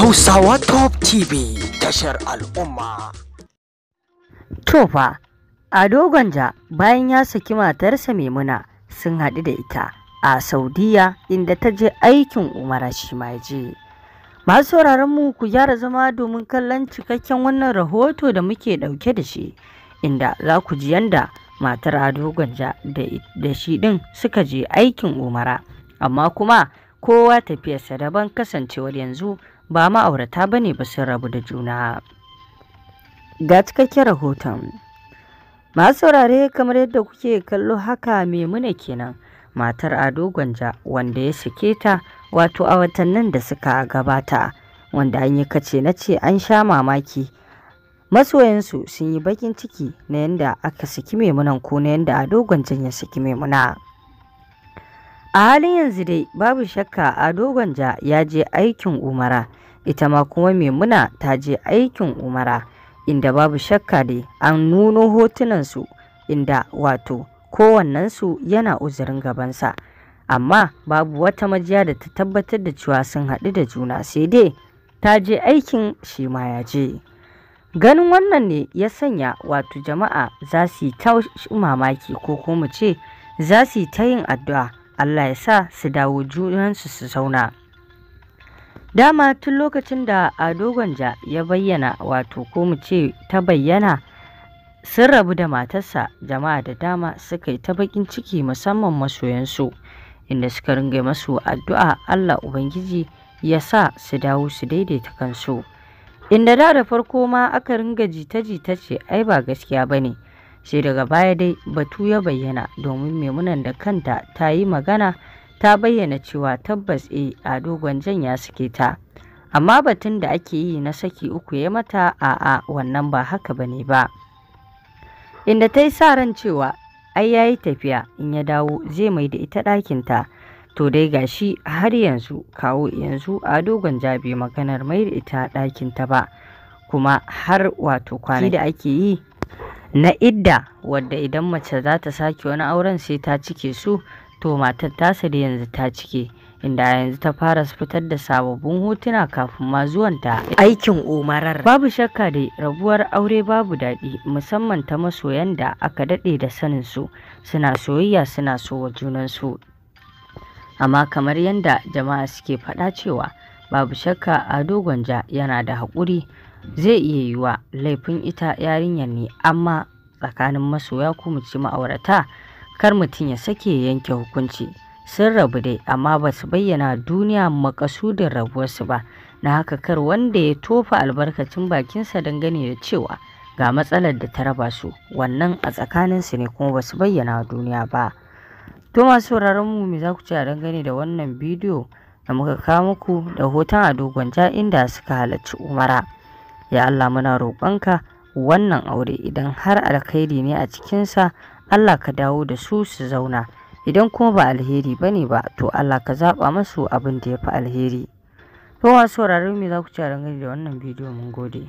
Hausawa Top TV tashar al'umma. Tofa, a ja bayan ya saki matarsa Maimuna sun haɗu da ita a Saudiya inda ta je aikin umara shi ma je. Masu mu ku gyara zama domin kallon cikakken wannan rahoto da muke ɗauke da shi inda za ku ji yanda matar Ado Gwanja da shi ɗin suka je aikin umara amma kuma kowa tafiyarsa daban kasancewar yanzu ba ma'aurata ba ne ba sun rabu da juna ga cikakken rahoton masu saurare kamar yadda kuke kallo haka maimuna kenan matar ado gwanja wanda ya sake ta wato a watannin da suka gabata wanda an yi kace na ce an sha mamaki masoyansu sun yi bakin ciki na yadda aka saki maimunan ko na yadda ado gwanjan ya saki maimuna A halin yanzu dai babu shakka Ado Gwanja ya je aikin Umara, ita ma kuma Memuna ta je aikin Umara, inda babu shakka dai an nuno hotunansu inda wato kowannensu yana uzurin gabansa. Amma babu wata majiya da ta tabbatar da cewa sun haɗu da juna sai dai ta je aikin shi ma ya je. Ganin wannan ne ya sanya wato jama'a za su yi ta mamaki ko kuma ce za su yi ta yin addu'a. Allah ya sa su dawo junansu su zauna. Dama tun lokacin da Ado Gwanja ya bayyana wato ko mu ce ta bayyana sun rabu da matarsa jama'a da dama suka yi ta bakin ciki musamman masoyansu inda suka ringa masu addu'a Allah Ubangiji ya sa su dawo su daidaita kansu. Inda da da farko ma aka ringa jita-jita ce ai ba gaskiya ba ne. sai daga baya dai batu ya bayyana domin maimunan da kanta ta yi magana ta bayyana cewa tabbas e a dogon ya suke ta amma batun da ake yi na saki uku ya mata a'a wannan ba haka ne ba inda ta yi sa ran cewa ai ya yi tafiya in ya dawo zai mai da ita ɗakinta to dai gashi har yanzu kawo yanzu a dogon jabi maganar mai da ita ɗakinta ba kuma har wato kwanaki da ake yi na idda wadda idan mace za ta sake wani auren sai ta cike su to matar tasa da yanzu ta cike inda yanzu ta fara fitar da sababbin hotuna kafin ma zuwanta aikin umarar babu shakka da rabuwar aure babu daɗi musamman ta masoyan da aka daɗe da sanin su suna soyayya suna so wa junansu amma kamar yadda jama'a suke faɗa cewa babu shakka Ado Gwanja yana da haƙuri zai iya yiwa laifin ita yarinyar ne amma tsakanin masoya ko mu ce ma'aurata kar mutum ya sake yanke hukunci sun rabu dai amma ba su bayyana duniya makasudin rabuwarsu ba na haka kar wanda ya tofa albarkacin bakinsa dangane da cewa ga matsalar da ta raba su wannan a tsakaninsu ne kuma ba su bayyana duniya ba to masu sauraron mu me za ku ce a dangane da wannan bidiyo da muka kawo muku da hoton a dogon ja inda suka halarci umara ya Allah muna roƙonka wannan aure idan har alkhairi ne a cikinsa Allah ka dawo da su su zauna idan kuma ba alheri ba ba to Allah ka zaɓa masu abin da ya fi alheri. To sauraron me za ku ci a da wannan bidiyo mun gode.